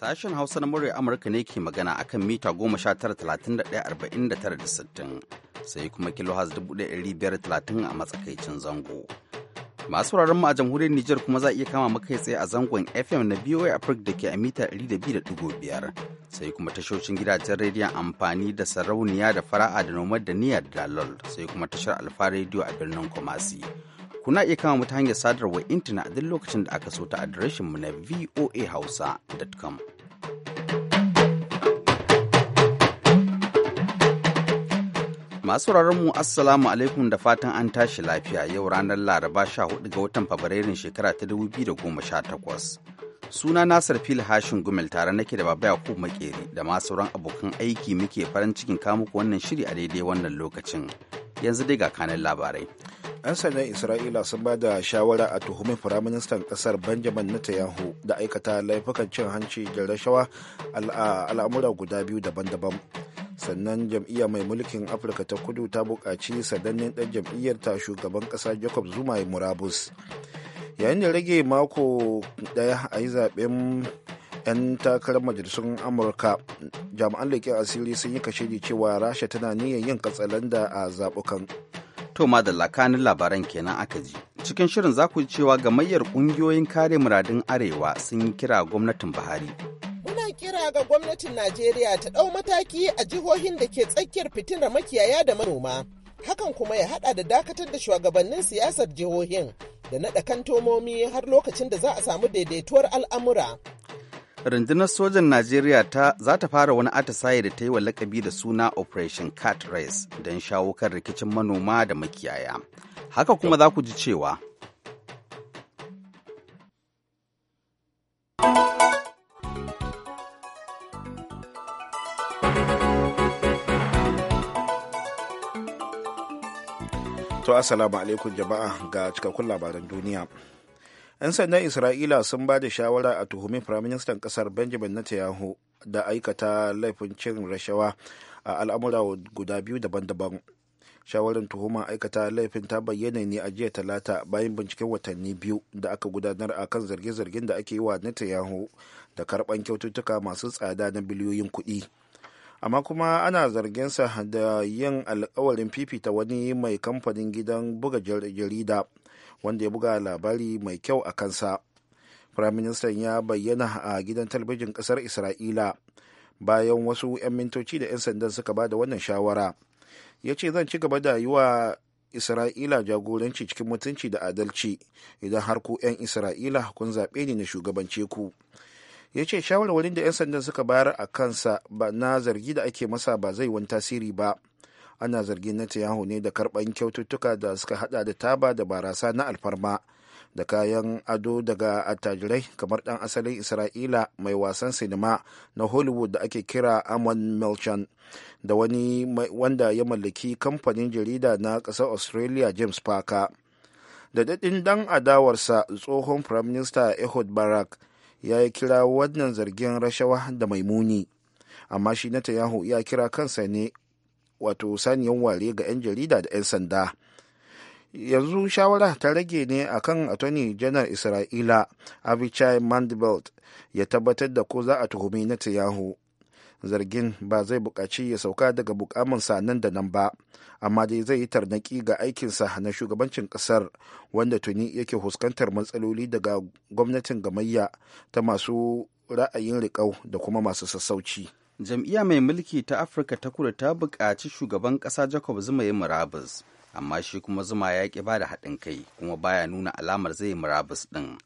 Sashen Hausa na murya Amurka ne ke magana a kan mita 19,31,49,60 sai kuma kilohaz 1,530 a matsakaicin zango. Masu mu a jamhuriyar Nijar kuma za a iya kama makai tsaye a zangon FM na VOA Africa da ke a mita 200.5 sai kuma tashoshin gidajen rediyon amfani da sarauniya da fara'a da nomad da da dalol sai kuma tashar alfa rediyo a birnin Kumasi. kuna iya kama ta hanyar sadarwar intanet a duk lokacin da aka so ta adireshinmu na voahausa.com. Masu mu Assalamu alaikum da fatan an tashi lafiya yau ranar Laraba 14 ga watan Fabrairun shekara ta 2018. Suna Nasir Fil Hashin Gumel tare nake da Baba Yakub Makeri da ma sauran abokan aiki muke farin cikin kamuku wannan shiri a daidai wannan lokacin. Yanzu dai ga kanan labarai. 'yan sandan isra'ila sun ba da shawara a tuhumin firaministan kasar benjamin netanyahu da aikata laifukan cin hanci da rashawa al'amura guda biyu daban-daban sannan jam'iyya mai mulkin afirka ta kudu ta buƙaci sadannin ɗan jam'iyyar ta shugaban ƙasa jacob zuma murabus yayin da rage mako ɗaya a yi zaɓen 'yan takarar majalisun amurka jami'an leƙen asiri sun yi kashedi cewa rasha tana niyyar yin katsalanda a zaɓukan To da lakanin labaran kenan aka ji. Cikin shirin za ku cewa gamayyar ƙungiyoyin kare muradun Arewa sun yi kira gwamnatin Buhari. Muna kira ga gwamnatin Najeriya ta ɗau mataki a jihohin da ke tsakiyar fitinar makiyaya da manoma. Hakan kuma ya haɗa da dakatar da shugabannin siyasar jihohin da naɗa kantomomi har lokacin da za a samu daidaituwar al'amura. rundunar sojan najeriya ta za ta fara wani atisaye da ta yi wa lakabi da suna operation cat race don shawo kan rikicin manoma da makiyaya haka kuma za ku ji cewa To, Assalamu alaikum jama'a ga cikakkun labaran duniya. 'yan sandan isra'ila sun ba da shawara a tuhumi firaministan kasar benjamin netanyahu da aikata laifin cin rashawa a al'amura guda biyu daban-daban shawarar tuhuma aikata laifin ta bayyana ne a jiya talata bayan binciken watanni biyu da aka gudanar a kan zarge-zargen da ake yi wa netanyahu da karban kyaututtuka masu tsada na biliyoyin kuɗi amma kuma ana zarginsa da yin alkawarin fifita wani mai kamfanin gidan buga jarida wanda ya buga labari mai kyau a kansa firaministan ya bayyana a gidan talabijin ƙasar isra'ila bayan wasu 'yan mintoci da 'yan sandan suka ba da wannan shawara ya ce zan ci gaba da yi wa isra'ila jagoranci cikin mutunci da adalci idan har ku 'yan isra'ila kun zaɓe ni na shugabance ku ya ce shawarwarin da 'yan sandan suka bayar a kansa ba na zargi da ake masa ba zai wani tasiri ba ana zargin netanyahu ne da karban kyaututtuka da suka hada da taba da barasa na alfarma da kayan ado daga attajirai kamar dan asalin isra'ila mai wasan sinima na hollywood da ake kira amon melchan da wani wanda ya mallaki kamfanin jarida na ƙasar australia james parker da daɗin dan adawarsa tsohon firaminista minister ehud barak ya yi kira wannan zargin rashawa da mai muni amma shi netanyahu ya kira kansa ne wato saniyan ware ga 'yan jarida da 'yan sanda yanzu shawara ta rage ne akan atoni janar isra'ila abichai mandibelt ya tabbatar da ko za a tuhumi na tiyahu zargin ba zai buƙaci ya sauka daga bukaminsa nan da nan ba amma dai zai yi tarnaki ga aikinsa na shugabancin ƙasar wanda tuni yake huskantar matsaloli daga gwamnatin gamayya ta masu ra'ayin riƙau da kuma masu sassauci. jam'iyya mai mulki ta afirka ta kudu ta buƙaci shugaban ƙasa jacob zuma ya murabus amma shi kuma zuma ya ƙi ba da haɗin kai kuma baya nuna alamar zai murabus ɗin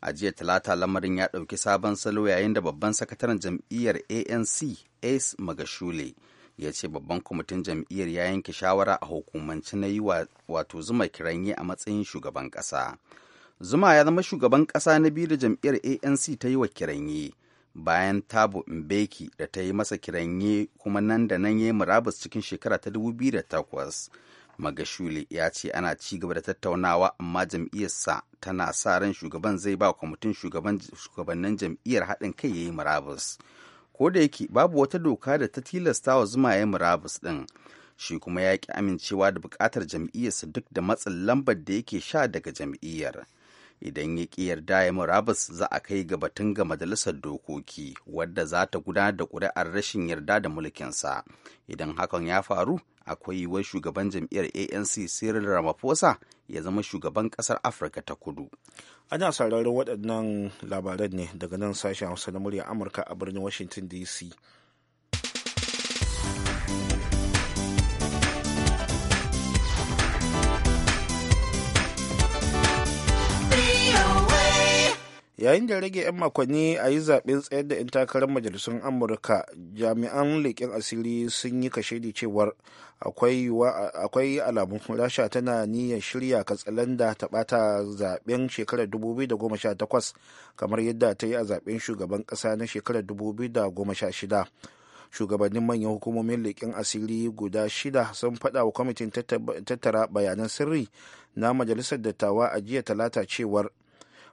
a jiya talata lamarin ya ɗauki sabon salo yayin da babban sakataren jam'iyyar anc ace magashule ya ce babban kwamitin jam'iyyar ya yanke shawara a hukumanci na yi wato zuma kiranye a matsayin shugaban ƙasa zuma ya zama shugaban ƙasa na biyu da jam'iyyar anc ta yi wa kiranye bayan tabo mbeki da ta yi masa kiranye kuma nan da nan ya yi murabus cikin shekara ta 2008 magashule ya ce ana ci gaba da tattaunawa amma jam'iyyarsa tana sa ran shugaban zai ba kwamitin shugabannin jam'iyyar haɗin kai ya yi murabus ko da yake babu wata doka da ta tilasta wa zuma ya yi murabus ɗin shi kuma ya ƙi amincewa da buƙatar jam'iyyarsa duk da matsin lambar da yake sha daga jam'iyyar. idan ya ƙi yarda ya murabus za a kai ga batun ga majalisar dokoki wadda za ta gudanar da ƙuri'ar rashin yarda da mulkinsa idan hakan ya faru akwai yiwuwar shugaban jam'iyyar anc cyril ramaphosa ya zama shugaban ƙasar afirka ta kudu ana sauraron waɗannan labaran ne daga nan sashen hausa na murya amurka a birnin washington dc yayin da rage 'yan makonni a yi zaɓen tsayar da 'yan takarar majalisun amurka jami'an leƙen asiri sun yi kashe da cewar akwai alamun rasha tana niyyar shirya katsalanda ta ɓata zaɓen shekarar 2018 kamar yadda ta yi a zaɓen shugaban ƙasa na shekarar 2016 shugabannin manyan hukumomin leƙen asiri guda shida sun faɗa wa kwamitin tattara bayanan sirri na majalisar dattawa a jiya talata cewar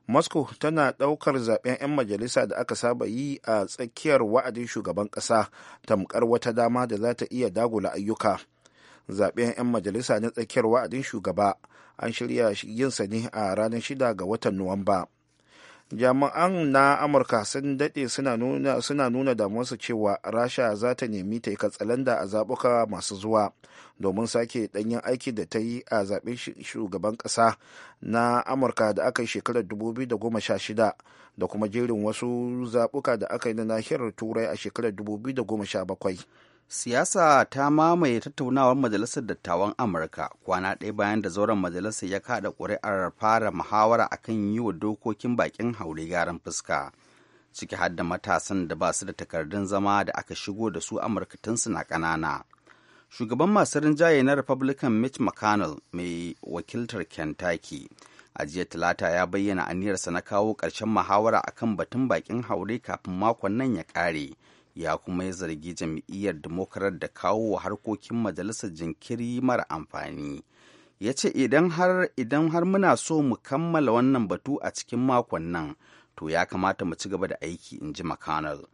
moscow tana daukar zaben 'yan majalisa da aka saba yi a tsakiyar wa'adin shugaban ƙasa tamkar wata dama da za ta iya dagula ayyuka zaben 'yan majalisa na tsakiyar wa'adin shugaba an shirya yinsa ne a ranar 6 ga watan nuwamba jami'an na amurka sun dade suna nuna damuwarsu cewa rasha za ta nemi ta yi katsalanda a zaɓuka masu zuwa domin sake ɗanyen aiki da ta yi a zaɓen shugaban ƙasa na amurka da aka yi shekarar 2016 da kuma jerin wasu zaɓuka da aka yi na nahiyar turai a shekarar 2017 siyasa ta mamaye tattaunawar majalisar dattawan amurka kwana ɗaya bayan da zauren majalisar ya kaɗa ƙuri'ar fara muhawara akan yi wa dokokin bakin haure gyaran fuska ciki har da matasan da ba su da takardun zama da aka shigo da su amurka tun suna ƙanana shugaban masu rinjaye na republican mitch mcconnell mai wakiltar kentucky a jiya talata ya bayyana aniyarsa na kawo ƙarshen muhawara akan batun bakin haure kafin makon nan ya ƙare ya kuma ya zargi jam'iyyar demokrat da kawo wa harkokin majalisar jinkiri mara amfani ya ce idan har idan har muna so mu kammala wannan batu a cikin makon nan to ya kamata mu ci gaba da aiki in ji mcconnell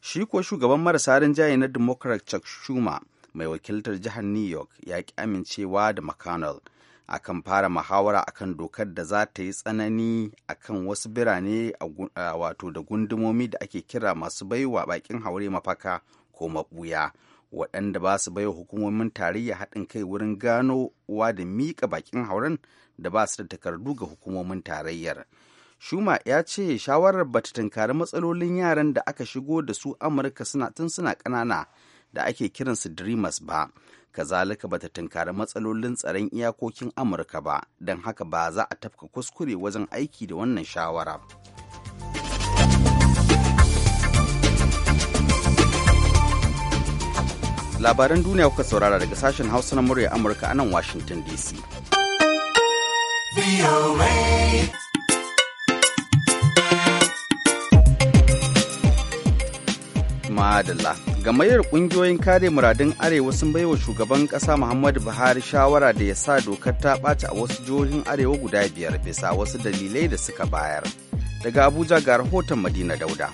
shi ko shugaban marasa rinjaye na democrat chuck schumer mai wakiltar jihar new york ya ki amincewa da mcconnell akan fara muhawara akan dokar da za ta yi tsanani akan wasu birane wato da gundumomi da ake kira masu baiwa bakin haure mafaka ko mabuya waɗanda ba su baiwa hukumomin tarayya haɗin kai wurin gano wa da miƙa bakin hauren da ba su da takardu ga hukumomin tarayyar shuma ya ce shawarar ba ta tunkari matsalolin yaran da aka shigo da su amurka suna tun suna ƙanana da ake kiransu dreamers ba kazalika bata tunkari matsalolin tsaron iyakokin amurka ba don haka ba za a tafka kuskure wajen aiki da wannan shawara labaran duniya kuka saurara daga sashen hausa na murya amurka a nan washington dc madalla gamayyar kungiyoyin kare muradun arewa sun baiwa shugaban kasa muhammadu buhari shawara da ya sa dokar ta ɓaci a wasu jihohin arewa guda biyar bisa wasu dalilai da suka bayar daga abuja ga rahoton madina dauda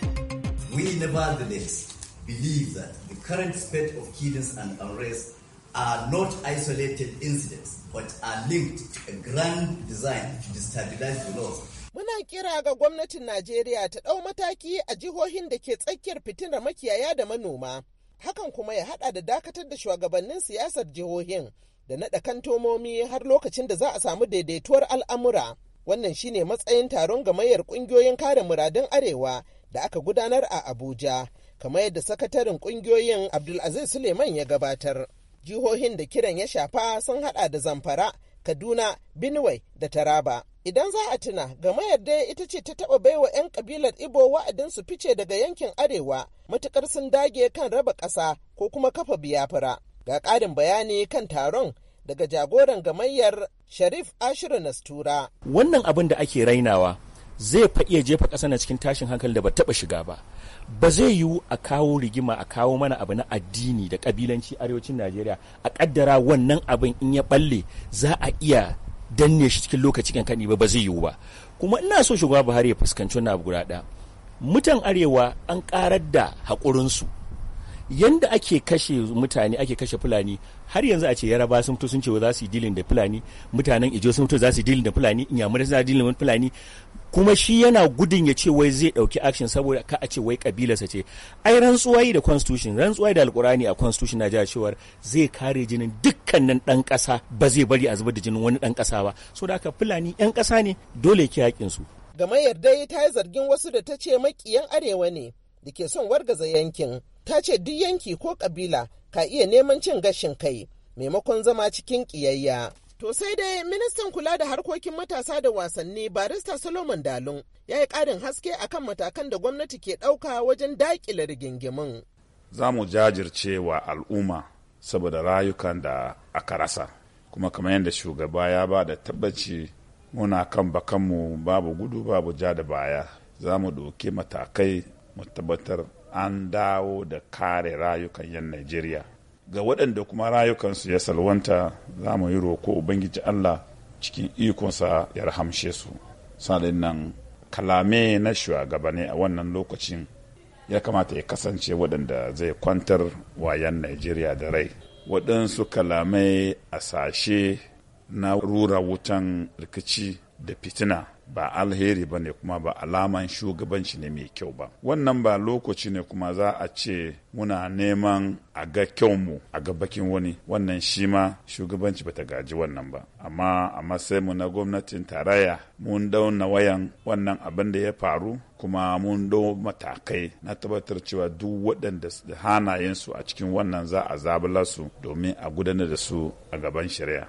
we nevertheless believe that the current spate of killings and unrest are not isolated incidents but are linked to a grand design to destabilize the laws Muna kira ga gwamnatin Najeriya ta ɗau mataki a jihohin da ke tsakiyar fitinar makiyaya da manoma. Hakan kuma ya haɗa da dakatar da shugabannin siyasar jihohin da naɗa kantomomi har lokacin da za a samu daidaituwar al'amura. Wannan shine matsayin taron gamayyar ƙungiyoyin kare muradun Arewa da aka gudanar a Abuja, kamar yadda sakataren ƙungiyoyin Abdulaziz Suleiman ya gabatar. Jihohin da kiran ya shafa sun haɗa da Zamfara, Kaduna, Benue da Taraba. Idan za a tuna, game dai ita ce ta taɓa baiwa 'yan kabilar Ibo wa'adin su fice daga yankin Arewa, matukar sun dage kan raba ƙasa ko kuma kafa biyafura. Ga ƙarin bayani kan taron daga jagoran gamayyar Sharif ashirin Nastura. Wannan abin da ake rainawa zai fa iya jefa ƙasa na cikin tashin hankali da ba taɓa shiga ba. Ba zai yiwu a kawo rigima a kawo mana abu na addini da ƙabilanci arewacin Najeriya a ƙaddara wannan abin in ya ɓalle za a iya danne shi cikin lokaci kan ba ba zai yiwu ba kuma ina so shugaba buhari ya fuskanci wannan abu guda ɗaya mutan arewa an karar da su yanda ake kashe mutane ake kashe fulani har yanzu a ce yaraba sun fito sun ce za su yi dilin da fulani mutanen ijo sun fito za su yi dilin da fulani inyamurai za su yi dilin da fulani kuma shi yana gudun ya ce wai zai ɗauki action saboda ka a ce wai kabilarsa ce ai rantsuwayi da constitution rantsuwayi da alkurani a constitution na jihar cewar zai kare jinin dukkanin dan kasa ba zai bari a zubar da jinin wani dan kasa ba so da haka fulani yan kasa ne dole ki yakin su yarda yi ta zargin wasu da ta ce makiyan arewa ne da ke son wargaza yankin ta ce duk yanki ko kabila ka iya neman cin gashin kai maimakon zama cikin ƙiyayya To sai dai ministan kula da harkokin matasa da wasanni barista Solomon Dalun ya yi ƙarin haske akan matakan da gwamnati ke ɗauka wajen daƙile rigingimin. Za mu jajirce wa al'umma saboda rayukan da aka rasa. Kuma kamar yadda shugaba ya ba da tabbaci muna kan bakanmu babu gudu babu ja da baya. Za mu ɗauki matakai mu tabbatar an dawo da kare rayukan 'yan Najeriya. ga waɗanda kuma rayukansu ya salwanta za mu yi roko ubangiji allah cikin ikonsa ya rahamshe su sanadin nan kalame na shugabanni a wannan lokacin ya kamata ya kasance waɗanda zai kwantar wayan najeriya da rai waɗansu kalamai a sashe na rura wutan rikici da fitina ba alheri ba ne kuma ba alaman shugabanci ne mai kyau ba wannan ba lokaci ne kuma za a ce muna neman a ga kyau mu a ga bakin wani wannan shi ma shugabanci bata gaji wannan ba amma a mu na gwamnatin taraya mun dauna wayan wannan abin da ya faru kuma mun dau matakai na tabbatar cewa duk waɗanda hanayensu a cikin wannan za a zabula su domin a gudanar da su a gaban shari'a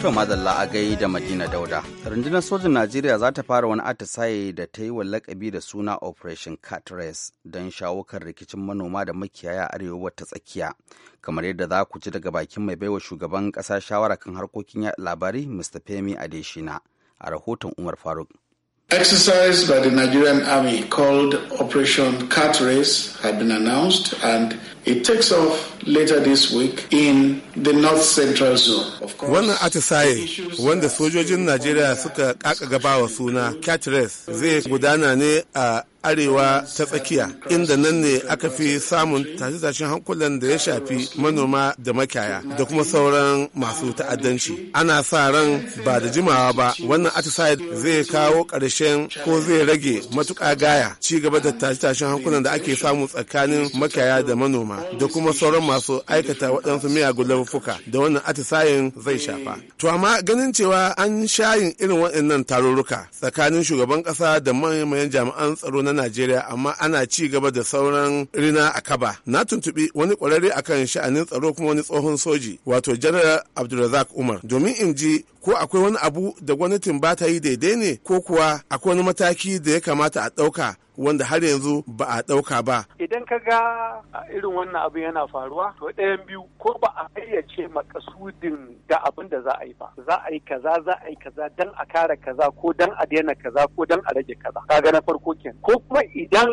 To madalla a gai da Madina Dauda. Rundunar sojin Najeriya za ta fara wani atisaye da ta yi wa lakabi da suna Operation Cat Race don shawo kan rikicin manoma da makiyaya arewa ta tsakiya. Kamar yadda za ku ji daga bakin mai baiwa shugaban ƙasa shawara kan harkokin labarai Mr. Femi Adeshina a rahoton Umar Faruk. Exercise by the Nigerian Army called Operation Cat Race had been announced and it takes off later this week in the north central zone. Of course, Wannan atisaye wanda sojojin Najeriya suka kakagaba wa suna Catres zai gudana ne a arewa ta tsakiya inda nan ne aka fi samun tashe-tashen hankulan da ya shafi manoma da makiyaya da kuma sauran masu ta'addanci ana sa ran ba da jimawa ba wannan atisaye zai kawo ƙarshen ko zai rage matuƙa gaya ci gaba da tashe-tashen hankulan da ake samu tsakanin makiyaya da manoma da kuma sauran masu aikata waɗansu miyagun laifuka da wannan atisayen zai shafa to amma ganin cewa an shayin irin waɗannan tarurruka tsakanin shugaban ƙasa da manyan jami'an tsaro na na Najeriya amma ana ci gaba da sauran rina a kaba. Na tuntuɓi wani ƙwararre akan sha'anin tsaro kuma wani tsohon soji wato General Abdulrazak Umar domin in ji ko akwai wani abu da gwamnatin ba ta yi daidai ne ko kuwa akwai wani mataki da ya kamata a ɗauka wanda har yanzu ba a ɗauka ba. Idan ka ga irin wannan abin yana faruwa, to ɗayan biyu ko ba a ayyace makasudin da abin da za a yi ba. Za a yi kaza, za a yi kaza dan a kare kaza ko dan a daina kaza ko dan a rage kaza. Kaga na farko kenan. Ko kuma idan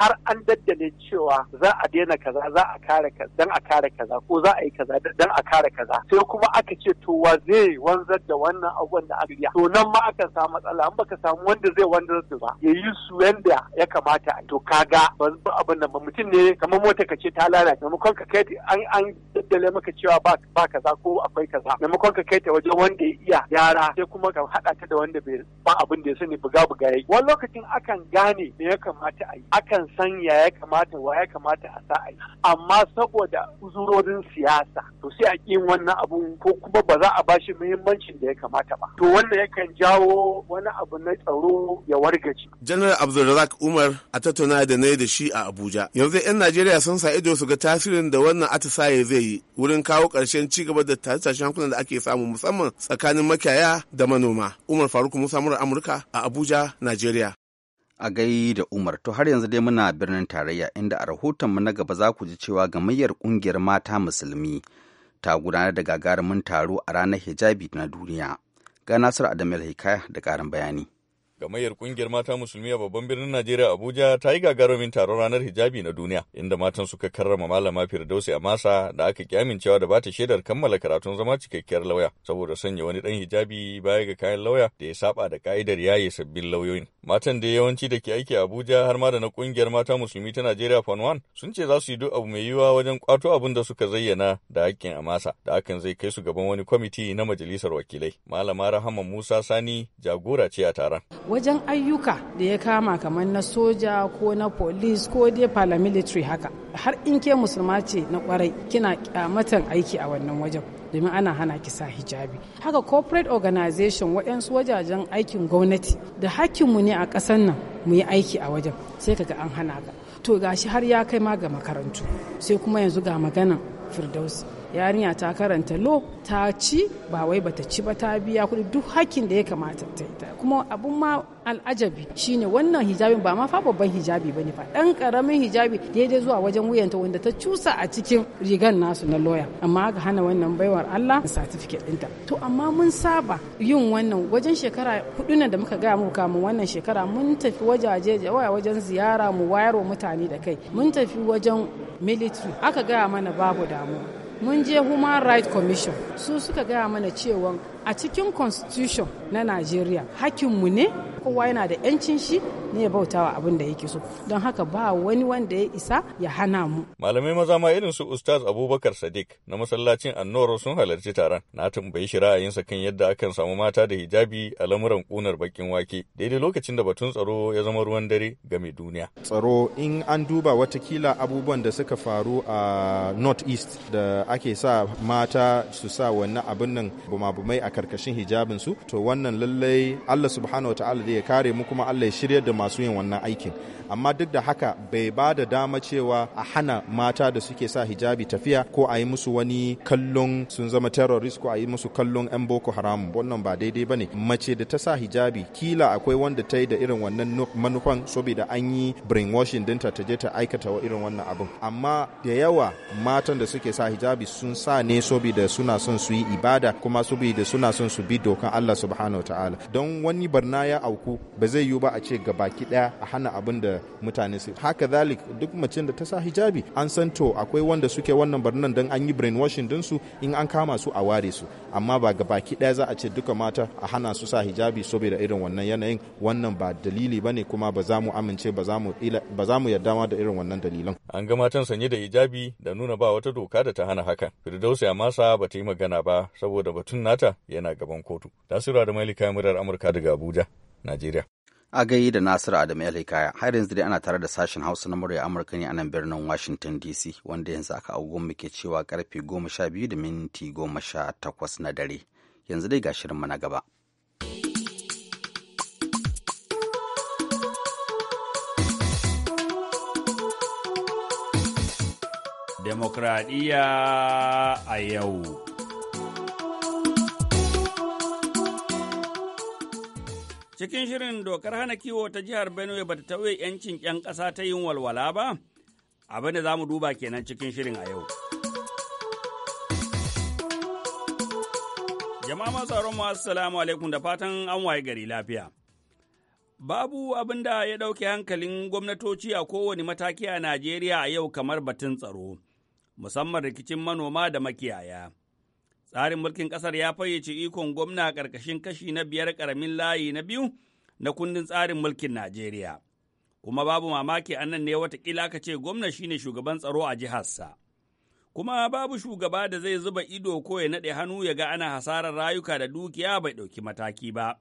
har an daddale cewa za a daina kaza za a kare kaza dan a kare kaza ko za a yi kaza dan a kare kaza sai kuma aka ce to wa zai wanzar da wannan abubuwan da aka to nan ma aka samu matsala an baka samu wanda zai wanzar da ba ya yi su yanda ya kamata a to kaga ba abin nan ba mutum ne kamar mota ka ce ta lalace maimakon ka kai an an daddale maka cewa ba ba kaza ko akwai kaza maimakon ka kai ta wajen wanda ya iya yara sai kuma ka haɗa ta da wanda bai ba abin da ya sani buga buga yayi wani lokacin akan gane me ya kamata a yi akan akan san ya ya kamata wa ya kamata a sa yi amma saboda uzurorin siyasa to sai a kin wannan abun ko kuma ba za a bashi muhimmancin da ya kamata ba to wannan yakan jawo wani abu na tsaro ya wargaci Janaral abdulrazak umar a tattauna da na da shi a abuja yanzu 'yan najeriya sun sa ido su ga tasirin da wannan atisaye zai yi wurin kawo ƙarshen ci gaba da tashe-tashen hankulan da ake samu musamman tsakanin makiyaya da manoma umar faruk musa amurka a abuja najeriya a gai da Umar. To har yanzu dai muna birnin tarayya inda a rahotonmu na gaba za ku ji cewa gamayyar ƙungiyar mata musulmi ta gudanar da gagarumin taro a ranar hijabi na duniya. Ga Nasiru Adamu Hikaya da ƙarin bayani. Gamayyar ƙungiyar mata musulmi a babban birnin Najeriya Abuja ta yi gagarumin taron ranar hijabi na duniya inda matan suka karrama malama Firdausi a masa da aka kyamincewa da bata shaidar kammala karatun zama cikakkiyar lauya saboda sanya wani dan hijabi baya ga kayan lauya da ya saba da ka'idar yaye sabbin lauyoyin. Matan da yawanci da ke aiki Abuja har ma da na kungiyar mata musulmi ta Najeriya Fan One sun ce za su yi duk abu mai yiwuwa wajen kwato abin da suka zayyana da hakkin amasa da hakan zai kai su gaban wani kwamiti na majalisar wakilai. Malama Rahama Musa Sani jagora ce a taron. Wajen ayyuka da ya kama kamar na soja ko na polis ko dai paramilitary haka har in ke musulma ce na kwarai kina kyamatan aiki a wannan wajen. domin ana hana ki sa hijabi haka corporate organization waɗansu wajajen aikin gwamnati da hakkinmu ne a ƙasar nan mu yi aiki a wajen sai kaga an hana ka to gashi har ya kai ma ga makarantu sai kuma yanzu ga magana firdausi yarinya ta karanta lo ta ci ba wai bata ci ba ta biya kuɗi duk hakkin da ya kamata ta ita kuma abun ma al'ajabi shine wannan hijabin ba ma fa babban hijabi bane fa dan karamin hijabi daidai zuwa wajen wuyanta wanda ta cusa a cikin rigan nasu na loya amma aka hana wannan baiwar Allah certificate ɗinta to amma mun saba yin wannan wajen shekara hudu da muka gaya mu kamun wannan shekara mun tafi wajaje jawaya wajen ziyara mu wayar wa mutane da kai mun tafi wajen military aka gaya mana babu damuwa mun je human rights commission su suka gaya mana cewa a cikin constitution na najeriya mu ne kowa yana da 'yancin shi ne ya bauta wa abin da yake so don haka ba wani wanda ya isa ya hana mu malamai maza ma irin su ustaz abubakar sadiq na masallacin annoro sun halarci taron na tambayi shi ra'ayinsa kan yadda akan samu mata da hijabi a lamuran kunar bakin wake daidai lokacin da batun tsaro ya zama ruwan dare ga mai duniya tsaro in an duba watakila abubuwan da suka faru a north east da ake sa mata su sa wannan abin nan bumabumai a karkashin hijabin su to wannan lallai Allah subhanahu wataala zai kare mu kuma Allah ya shiryar da masu yin wannan aikin amma duk da haka bai ba da dama cewa a hana mata da suke sa hijabi tafiya ko a yi musu wani kallon sun zama terrorist ko a yi musu kallon 'yan boko haram wannan ba daidai ba ne mace da ta sa hijabi kila akwai wanda ta yi da irin wannan manufan saboda an yi brainwashing dinta ta je ta aikata wa irin wannan abun. amma da yawa matan da suke sa hijabi sun sa ne saboda suna son su yi ibada kuma saboda suna son su bi dokan Allah subhanahu wa ta'ala don wani barna ya auku ba zai yiwu ba a ce gabaki daya a hana abin da da mutane su haka zalik duk mace da ta sa hijabi an san to akwai wanda suke wannan barnan dan an yi brainwashing din su in an kama su a ware su amma ba ga baki daya za a ce duka mata a hana su sa hijabi saboda irin wannan yanayin wannan ba dalili bane kuma ba za mu amince ba za mu ba za mu yarda ma da irin wannan dalilan an ga matan sanye da hijabi da nuna ba wata doka da ta hana hakan firdausi masa ba ta yi magana ba saboda batun nata yana gaban kotu tasira da malika murar amurka daga abuja najeriya agayi da Nasiru Adamu ya Hikaya har yanzu dai ana tare da sashen Hausa na murya Amurka ne a nan birnin Washington DC wanda yanzu aka agogon muke cewa karfe goma sha biyu da minti goma sha takwas na dare. Yanzu dai ga shirinmu na gaba. Demokradiyya a yau. Cikin shirin dokar hana kiwo ta jihar Benue bata tauye 'yancin 'yan ƙasa ta yin walwala ba? abinda za mu duba kenan cikin shirin a yau. Jama'a masu tsaron masu salamu alaikum da fatan an waye gari lafiya. Babu abinda ya ɗauke hankalin gwamnatoci a kowane mataki a Najeriya a yau kamar batun tsaro, musamman rikicin manoma da makiyaya. Tsarin mulkin ƙasar ya fayyace ikon gwamna ƙarƙashin kashi na biyar ƙaramin layi na biyu na kundin tsarin mulkin Najeriya. Kuma babu mamaki a nan ne watakila ka ce gwamna shine shugaban tsaro a jiharsa. Kuma babu shugaba da zai zuba ido ko ya naɗe hannu ya ga ana hasarar rayuka da dukiya bai ɗauki mataki ba.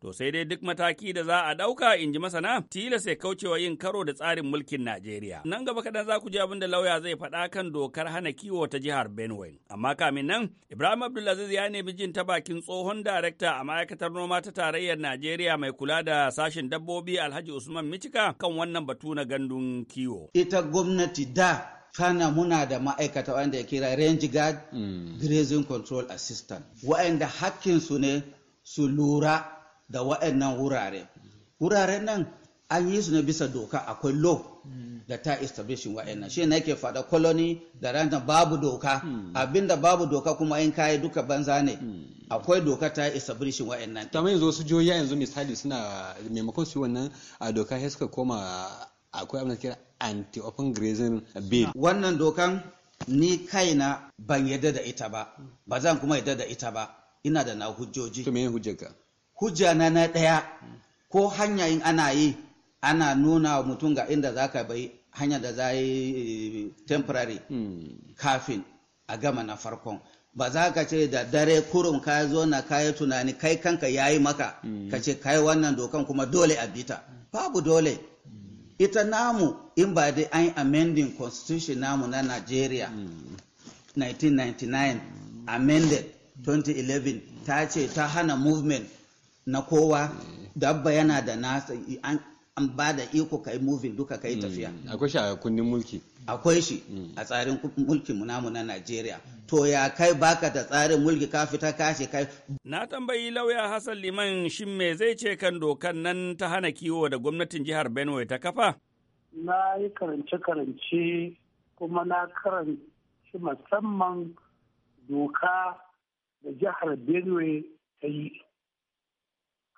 To sai dai duk mataki da za a ɗauka in ji masana tila ya kaucewa yin karo da tsarin mulkin Najeriya. Nan gaba kaɗan za ku ji abin da lauya zai faɗa kan dokar hana kiwo ta jihar Benue. Amma kamin nan, Ibrahim Abdulaziz ya nemi jin ta bakin tsohon darakta a ma'aikatar noma ta tarayyar Najeriya mai kula da sashen dabbobi Alhaji Usman Micika kan wannan batu na gandun kiwo. Ita gwamnati da kana muna da ma'aikata wanda ya kira range guard mm. grazing control assistant wa'anda hakkinsu ne su lura da waɗannan wurare wuraren nan an yi su ne bisa doka akwai law hmm. da ta establishing wa'annan shi ne ke faɗa colony da ranta babu doka hmm. abinda babu doka kuma in kayi duka banza ne hmm. akwai doka ta establishing wa'annan ta mai zo su jihohi yanzu misali suna maimakon su wannan a doka ya suka koma akwai abin da kira anti open grazing bill wannan dokan ni kaina ban yarda da ita ba ba zan kuma yarda da ita ba ina da na hujjoji to me hujja na na ɗaya ko hanya in ana yi ana nuna wa mutum ga inda za ka bai hanya da za yi eh, temporary hmm. kafin a gama na farkon ba za ka ce da dare kurun ka zo na kayi tunani kai kanka ya yi maka hmm. ka ce kai wannan dokan kuma dole a bita babu dole hmm. ita namu in ba dai an amending constitution namu na nigeria 1999 amended 2011 ta ce ta hana movement na kowa dabba yana da nasa an ba da iko kai moving duka kai mm. tafiya akwai shi a kundin mulki akwai shi mm. a tsarin mulki namu na Najeriya to ya kai baka da tsarin mulki ka fita kashe kai na tambayi lauya Hassan Liman shin me zai ce kan dokan nan ta hana kiwo da gwamnatin jihar Benue ta kafa na yi karance karance kuma na karanci musamman doka da jihar Benue ta yi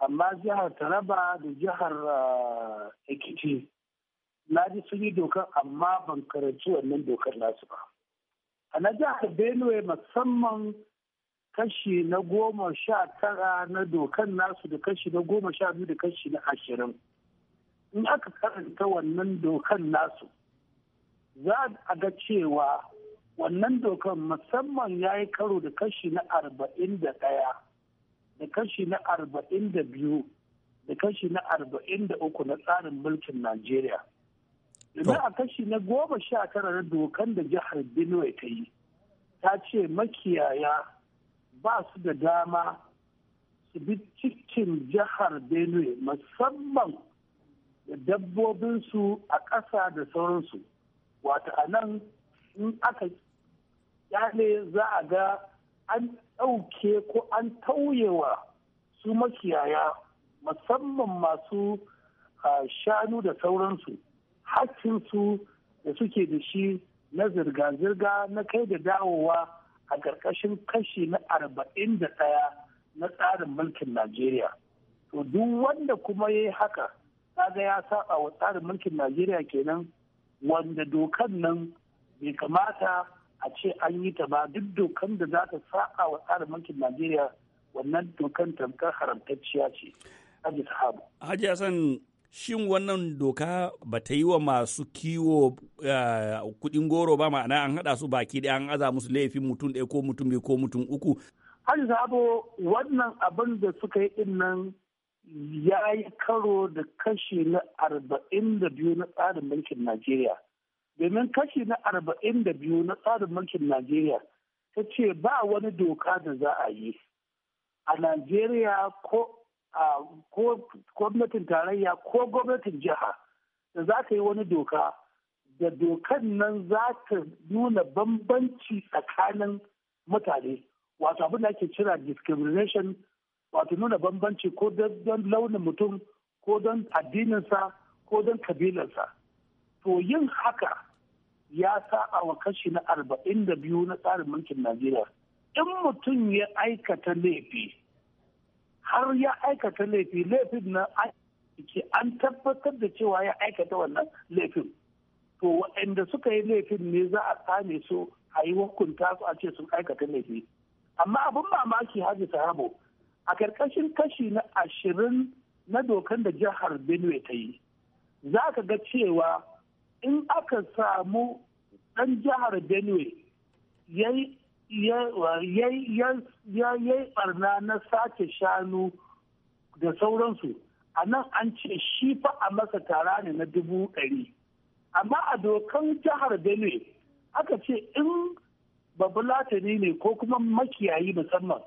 amma jihar taraba da jihar eh, ekiti na ji sun yi dokar amma ban karanci wannan dokar nasu ba a na jihar benue musamman kashi na goma sha tara na dokar nasu da kashi na goma sha biyu da kashi na ashirin in aka karanta wannan dokar nasu za a ga cewa wannan dokar musamman ya yi karo da kashi na arba'in da ɗaya da kashi na arba'in da biyu da kashi na arba'in da uku na tsarin mulkin najeriya idan a kashi na goma sha tara na dokan da jihar benue ta yi ta ce makiyaya ba su da dama su bi cikin jihar benue musamman da dabbobinsu a ƙasa da sauransu wata anan in aka kyale za a ga an ɗauke ko an tauyewa su makiyaya musamman masu shanu da sauransu su da suke da shi na zirga-zirga na kai da dawowa a ƙarƙashin kashi na arba'in da ɗaya na tsarin mulkin Najeriya. To duk wanda kuma ya yi haka, kaga ya saba wa tsarin mulkin Najeriya kenan wanda dokan nan bai kamata a ce an yi ta ba duk dokan da za ta saƙa wa tsarin mulkin najeriya wannan dokan tamkar haramtacciya ce haji sahabu haji hassan shin wannan doka ba ta yi wa masu kiwo eh, kudin goro ba ma'ana an haɗa su baki da an aza musu laifin mutum ɗaya ko mutum biyu ko mutum uku haji sahabu wannan abin da suka yi ɗin nan ya yi karo da kashi na arba'in da biyu na tsarin mulkin najeriya domin kashi na arba'in da biyu na tsarin mulkin najeriya ta ce ba wani doka da za a yi a najeriya ko gwamnatin tarayya ko gwamnatin jiha da za ta yi wani doka da dokan nan za ta nuna bambanci tsakanin mutane wato abin da ake cira discrimination wato nuna bambanci ko don launin mutum ko don addininsa ko don kabilarsa to yin haka ya sa a wa kashi na arba'in da biyu na tsarin mulkin najeriya in mutum ya aikata laifi har ya aikata laifi laifin na ake an tabbatar da cewa ya aikata wannan laifin to waɗanda suka yi laifin ne za a same su a yi hukunta su a ce sun aikata laifi amma abin mamaki haji sahabo a karkashin kashi na ashirin na dokan da jihar benue ta yi za ka ga cewa in aka samu ɗan jihar benue ya yi barna na sace shanu da sauransu a nan an ce shi fa a masa tara ne na dubu ɗari amma a dokan jihar benue aka ce in babulatani ne ko kuma makiyayi musamman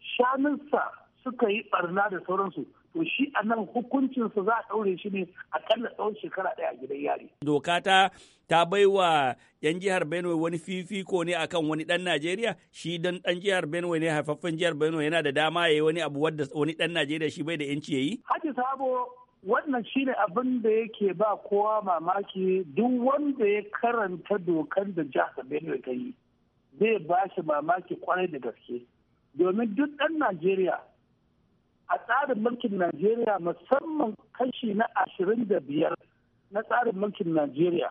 shanunsa suka yi barna da sauransu to shi a nan hukuncinsa za a ɗaure shi ne a kalla tsawon shekara ɗaya a gidan yari. Doka ta ta bai wa 'yan jihar Benue wani fifiko ne akan wani ɗan Najeriya shi dan ɗan jihar Benue ne haifaffen jihar Benue yana da dama ya yi wani abu wadda wani ɗan Najeriya shi bai da 'yanci ya yi? Haji Sabo wannan shi ne abin da yake ba kowa mamaki duk wanda ya karanta dokan da jihar Benue ta yi zai ba shi mamaki kwarai da gaske domin duk ɗan Najeriya a tsarin mulkin najeriya musamman kashi na ashirin da biyar na tsarin mulkin najeriya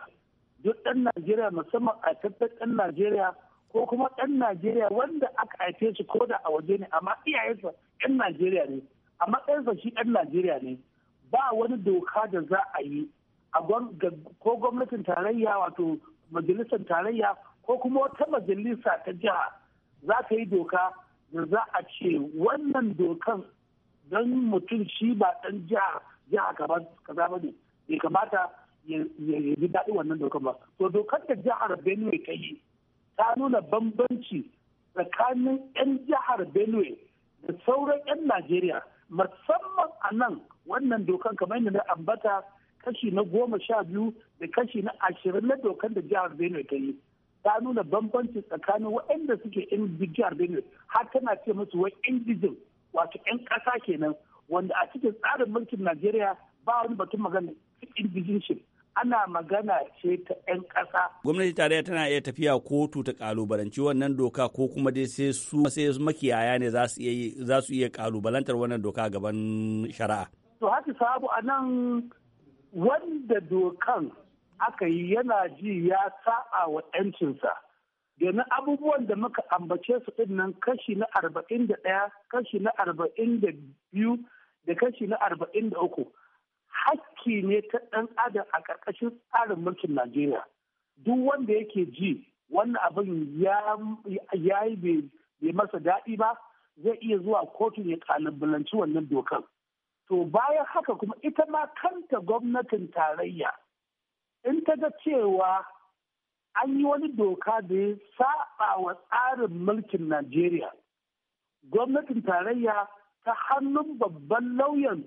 duk ɗan najeriya musamman aikatan ɗan najeriya ko kuma ɗan najeriya wanda aka haife shi ko da a waje ne amma iyayensa ɗan najeriya ne a matsayinsa shi ɗan najeriya ne ba wani doka da za a yi a ko gwamnatin tarayya wato majalisar tarayya ko kuma wata majalisa ta jiha za ta yi doka da za a ce wannan dokan don mutum shi ba ɗan jiha jiha kaza ba ne bai kamata ya yi daɗi wannan dokar ba to dokar da jihar benue ta yi ta nuna bambanci tsakanin 'yan jihar benue da sauran 'yan najeriya musamman a nan wannan dokan kamar yadda na ambata kashi na goma sha biyu da kashi na ashirin na dokan da jihar benue ta yi ta nuna bambanci tsakanin waɗanda suke yan jihar benue har tana ce musu wai indijin wato 'yan ƙasa kenan wanda a cikin tsarin mulkin najeriya ba wani batun magana indigenship ana magana ce ta 'yan ƙasa. Gwamnati tarayya tana iya tafiya kotu ta kalubalanci wannan doka ko kuma dai sai su sai makiyaya ne za su iya kalubalantar wannan doka gaban shari'a. To haka sabu a nan wanda dokan aka yi yana ji ya sa'a wa 'yancinsa domin abubuwan da muka ambace su din nan kashi na arba'in da ɗaya kashi na arba'in da biyu da kashi na arba'in da uku hakki ne ta ɗan adam a ƙarƙashin tsarin mulkin najeriya duk wanda yake ji wannan abin ya yi bai masa daɗi ba zai iya zuwa kotun ya kalubalanci wannan dokan to bayan haka kuma ita ma kanta gwamnatin tarayya in ta ga cewa an yi wani doka da ya saba wa tsarin mulkin Najeriya. Gwamnatin tarayya ta hannun babban lauyan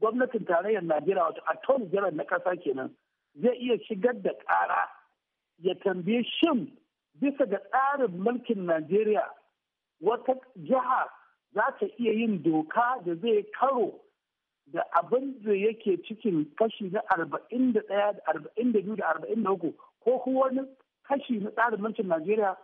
gwamnatin tarayyar Najeriya wato atom general na ƙasa kenan zai iya shigar da ƙara ya tambaye shin bisa ga tsarin mulkin Najeriya wata jiha za ta iya yin doka da zai karo da abin da yake cikin kashi na arba'in da ɗaya da arba'in da biyu da arba'in da uku ko wani kashi na tsarin mulkin Najeriya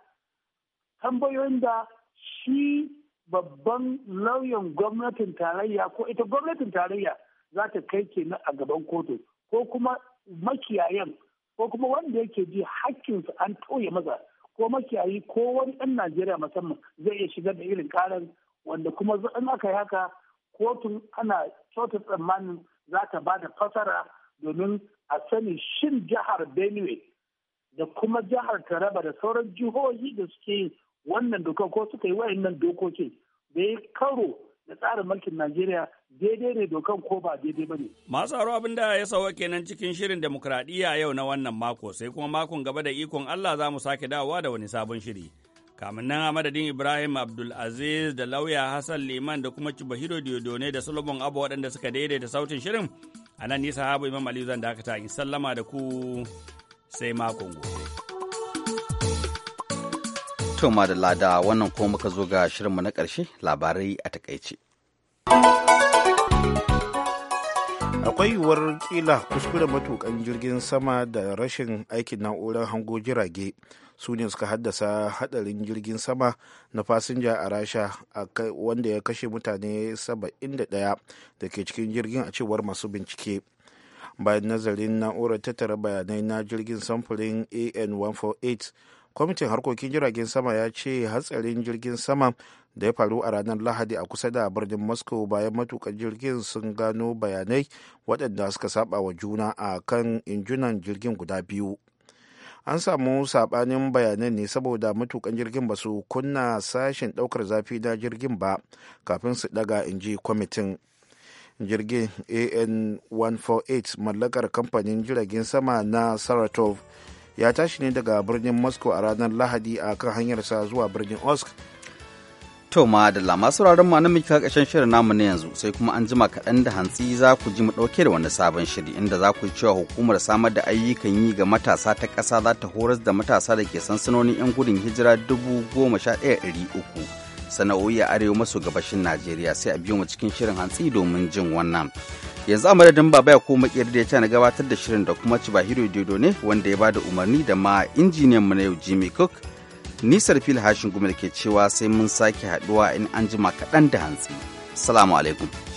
tambayoyin da shi babban lauyan gwamnatin tarayya ko ita gwamnatin tarayya za ta kai kenan a gaban kotu ko kuma makiyayen ko kuma wanda yake ji hakkinsa an toye maza ko makiyayi ko wani ɗan Najeriya musamman zai iya shigar da irin karan wanda kuma in aka yi haka kotun ana kyautar tsammanin za ta ba da fasara domin a sani shin jihar Benue da kuma jihar taraba da sauran jihohi da suke wannan doka ko suka yi wayannan dokokin da ya karo da tsarin mulkin najeriya daidai ne dokan ko ba daidai ba ne. masu haro abin da ya sauwa kenan cikin shirin demokuraɗiyya yau na wannan mako sai kuma makon gaba da ikon allah za mu sake dawowa da wani sabon shiri. kamin nan a madadin ibrahim abdulaziz da lauya hassan liman da kuma cibahiro diodone da solomon abu waɗanda suka daidaita sautin shirin a nan nisa habu imam Ali zan dakata in sallama da ku sai makon gobe. To da lada wannan kuma muka zo ga shirinmu na ƙarshe labarai a takaice. Akwai yiwuwar kila kuskure matukan jirgin sama da rashin aikin na'urar hango jirage su ne suka haddasa hadarin jirgin sama na fasinja a rasha wanda ya kashe mutane 71 da ke cikin jirgin a cewar masu bincike. bayan nazarin na'urar tattara bayanai na jirgin samfurin an-148 kwamitin harkokin jiragen sama ya ce hatsarin jirgin sama da ya faru a ranar lahadi a kusa da birnin moscow bayan matukan jirgin sun gano bayanai waɗanda suka saba wa juna a kan injunan jirgin guda biyu an samu saɓanin bayanan ne saboda matukan jirgin ba su kunna sashen ɗaukar zafi na jirgin ba kafin su ɗaga inji kwamitin jirgin an 148 mallakar kamfanin jiragen sama na saratov ya tashi ne daga birnin moscow a ranar lahadi a kan hanyarsa zuwa birnin osk to ma da lama sauraron ma na muke kakashin shirin namu na yanzu sai kuma an jima kaɗan da hantsi za ku ji mu ɗauke da wani sabon shiri inda za ku cewa hukumar samar da ayyukan yi ga matasa ta ƙasa za ta horas da matasa da ke sansanonin 'yan gudun hijira dubu goma sha ɗaya ɗari uku sana'o'i a arewa maso gabashin Najeriya sai a biyo mu cikin shirin hantsi domin jin wannan. Yanzu a madadin baba ya koma kiyar da ya na gabatar da shirin da kuma Cibahiro Dodo ne wanda ya bada umarni da ma injiniyan mu na yau Jimmy Cook. Nisar fil hashin da ke cewa sai mun sake haduwa in an jima kaɗan da hantsi. Salamu alaikum.